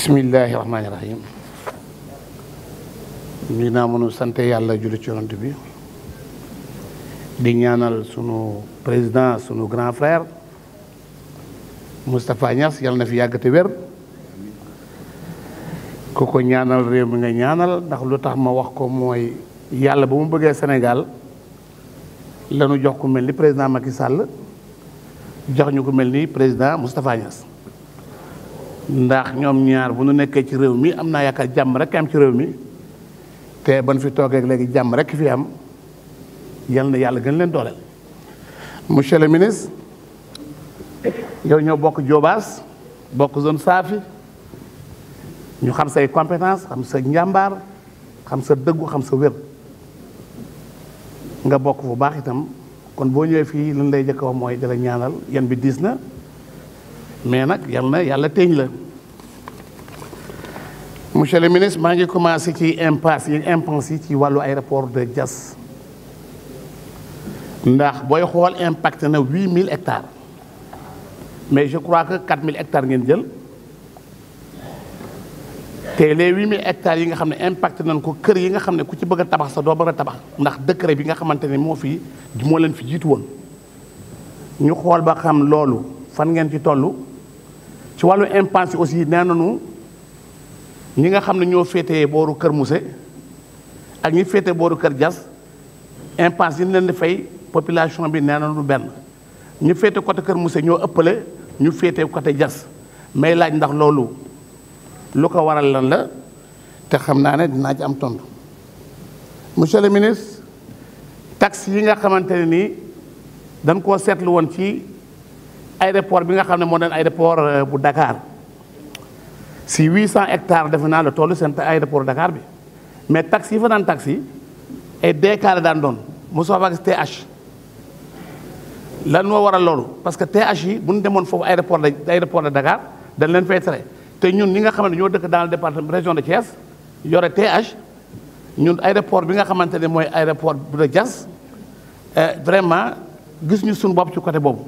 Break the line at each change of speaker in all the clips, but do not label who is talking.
bismillaahi rahmaani rahiim ñu naa mënu sant yàlla julli ci bi di ñaanal suñu président sunu grand frère Moustapha Niass yàlla na fi yàgg wér ku ñaanal réew mi nga ñaanal ndax lu tax ma wax ko mooy yàlla ba mu bëggee Sénégal lanu jox ku mel ni président Macky sàll jox ñu ku mel ni président Moustapha Niass ndax ñoom ñaar bu ñu nekkee ci réew mi am naa yaakaar jàmm rek am ci réew mi te ban fi toogee léegi jàmm rek fi am yal na yàlla gën leen doole monsieur le ministre yow ñoo bokk joobaas bokk zone Safi ñu xam say compétence xam sa njàmbaar xam sa dëggu xam sa wér nga bokk bu baax itam kon boo ñëwee fii lan lay jëkk wax mooy dala ñaanal yan bi diis na. mais nag yal na yàlla teeñ la monsieur le ministre maa ngi commencé ci impasse yi impense yi ci wàllu aéroport de jas ndax booy xool impact na huit mille hectares mais je crois que quatre mille ectare ngeen jël te les huit mille hectares yi nga xam ne impacté nañ ko kër yi nga xam ne ku ci bëgg a tabax sa doo bëgg a tabax ndax décret bi nga xamante ne moo fii moo leen fi jiitu woon ñu xool ba xam loolu fan ngeen ci toll ci wàllu impasse aussi nee nañu ñi nga xam ne ñoo féetee booru Kër Mousse ak ñi féetee booru Kër jas impasse yi ñu leen di fay population bi nee nañu benn ñu féete côté Kër Mousse ñoo ëppale ñu féetee côté jas may laaj ndax loolu lu ko waral lan la te xam naa ne dinaa ci am tontu monsieur le ministre taxe yi nga xamante ne nii dañ koo seetlu woon ci. aéroport bi nga xam ne moo doon aéroport euh, bu Dakar si cent hectares defe naa la toll seen aéroport Dakar bi mais tax yi fa daan taxi ay décaré daan doon mosoo fa gis TH. lan moo waral loolu parce que TH yi bu ñu demoon foofu aéroport de aéroport de Dakar dañ leen fay tere te ñun ñi nga xam ne ñoo dëkk dans le département région de Thiès yore TH ñun aéroport bi nga xamante ne mooy aéroport bu de Diass euh, vraiment gis ñu suñu bopp ci côté boobu.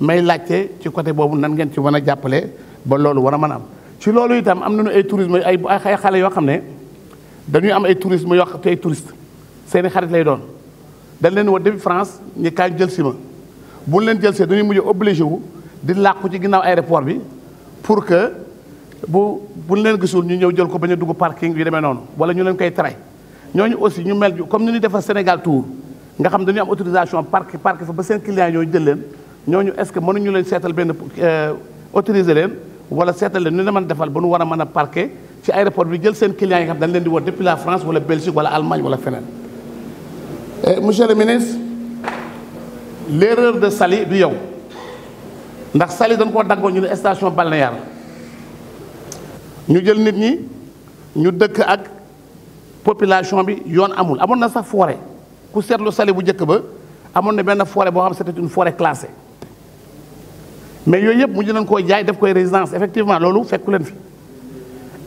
may laajte ci côté boobu nan ngeen ci mën a jàppale ba loolu war a mën a am ci loolu itam am nañu ay tourisme ay ay xale yoo xam ne dañuy am ay tourisme yoo xam te ay touriste seeni xarit lay doon dañ leen war depuis France ñu jël si ma bu leen jël see dañuy mujj obligé wu di làqu ci ginnaaw aéroport bi pour que bu buñ leen gisul ñu ñëw jël ko bañ a dugg parking yu demee noonu wala ñu leen koy tere ñooñu aussi ñu mel comme ni ñuy defar Sénégal Tour nga xam dañuy am autorisation park park fa ba seen client ñooñu jël leen ñooñu est-ce que mënuñu leen seetal benn euh, autoriser leen wala seetal leen ñu ne man defal ba nu war a mën a parquer ci aéroport bi jël seen clients yi nga xam dañ leen di woo depuis la France wala Belgique wala Allemagne wala feneen. monsieur le ministre l'erreur de Saly du yow ndax Saly dañ koo daggoo ñu ne station balnéaire ñu jël nit ñi ñu dëkk ak population bi yoon amul amoon na sax forêt ku seetlu Saly bu jëkk ba amoon na benn forêt boo xam c'était une forêt classée. mais yooyu yëpp mujj nañ koo jaay def koy résidence effectivement loolu fekku leen fi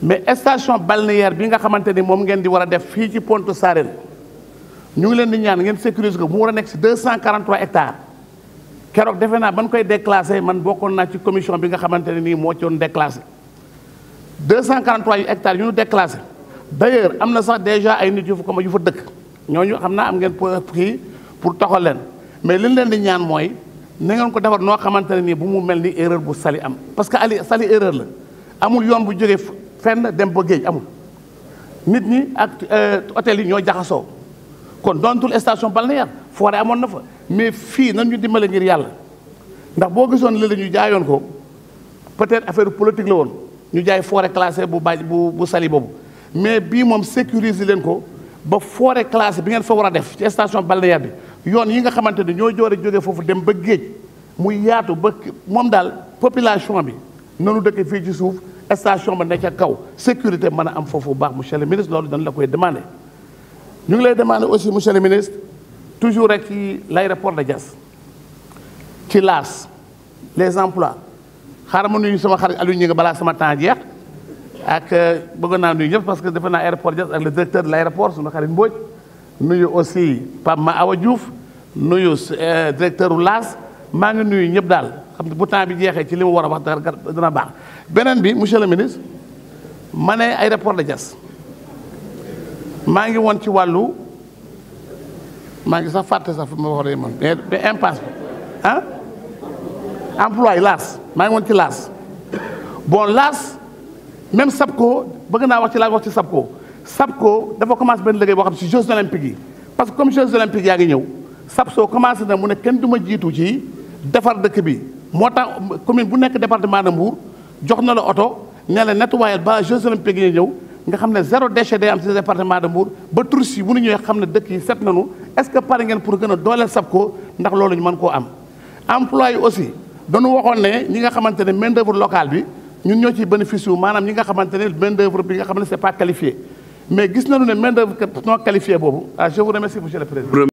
mais station balnéaire bi nga xamante ni moom ngeen di war a def fii ci Pointe Sarène ñu ngi leen di ñaan ngeen sécuriser ko mu war a nekk si 243 hectares keroog defe naa ban koy déclassé man bokkoon naa ci commission bi nga xamante ne nii moo ci doon déclassé 243 yu hectares yu ñu déclassé d'ailleurs am na sax déjà ay nit yu ko ma yu fa dëkk ñooñu xam naa am ngeen kii pour toxal leen mais li ñu leen di ñaan mooy. na ngeen ko defar noo xamante ne nii bu mu mel ni erreur bu sali am parce que ali sali erreur la amul yoon bu jógee fenn dem ba géej amul nit ñi ak euh, hôtel yi ñoo jaxasoo kon doontul station balnéaire foore amoon na fa mais fii nan ñu dimbale ngir yàlla ndax boo gisoon li la ñu jaayoon ko peut-être affaire politique la woon ñu jaay forêt classée bu baaj bu sali boobu mais bii moom sécuriser leen ko ba forêt classée bi ngeen fa war a def ci station balnéaire bi yoon yi nga xamante ne ñoo joore jóge foofu dem ba géej muy yaatu ba moom daal population bi nanu dëkk fii ci suuf station ba nekk ca kaw sécurité mën a am foofu bu baax monsieur le ministre loolu dañ la koy demandé ñu ngi lay demandé aussi monsieur le ministre toujours rek ci l'aéroport de jas ci laas les emplois xaaral ma nuyu sama xarit Aliou ñu ngi balaa sama temps jeex ak euh, bëggoon naa nuyu ñëpp parce que defe naa aéroport Diass ak le directeur de l'aéroport sunu xarit Mbodj nuyu aussi Pape Ma Awa Diouf nuyu eh, directeur u LAS maa ngi nuyu ñëpp daal xam ne bu temps bi jeexee ci li mu war a wax dana baax beneen bi monsieur le ministre ma ne ay aéroport de Diass maa ngi woon ci wàllu maa ngi sax fàtte sax fi ma wax moom mais impasse bi ah emploi LAS maa ngi woon ci LAS bon LAS même SAPCO bëgg naa wax ci laa wax ci sab ko SAPCO dafa commencé benn liggéey boo xam si Jeux olympiques yi parce que comme Jeux olympiques yaa ngi ñëw SAPCO commencé na mu ne kenn du ma jiitu ci defar dëkk bi moo tax commune bu nekk département de Mbour jox na la oto ne la nettoyé ba Jeux olympiques yi ñëw nga xam ne zéro déchet day am ci département de Mbour ba touristes yi bu ñu ñëwee xam ne dëkk yi set nañu est-ce que pare ngeen pour gën a dooleel SAPCO ndax loolu ñu mën koo am. emploi yi aussi dañu waxoon ne ñi nga xamante ne main d'œuvre locale ñun ñoo ciy bénéfice wu maanaam ñi nga xamante ne main d'œuvre bi ne c'est mais gis nañu ne main d'œuvre non qualifiée boobu ah vous remercie monsieur le président.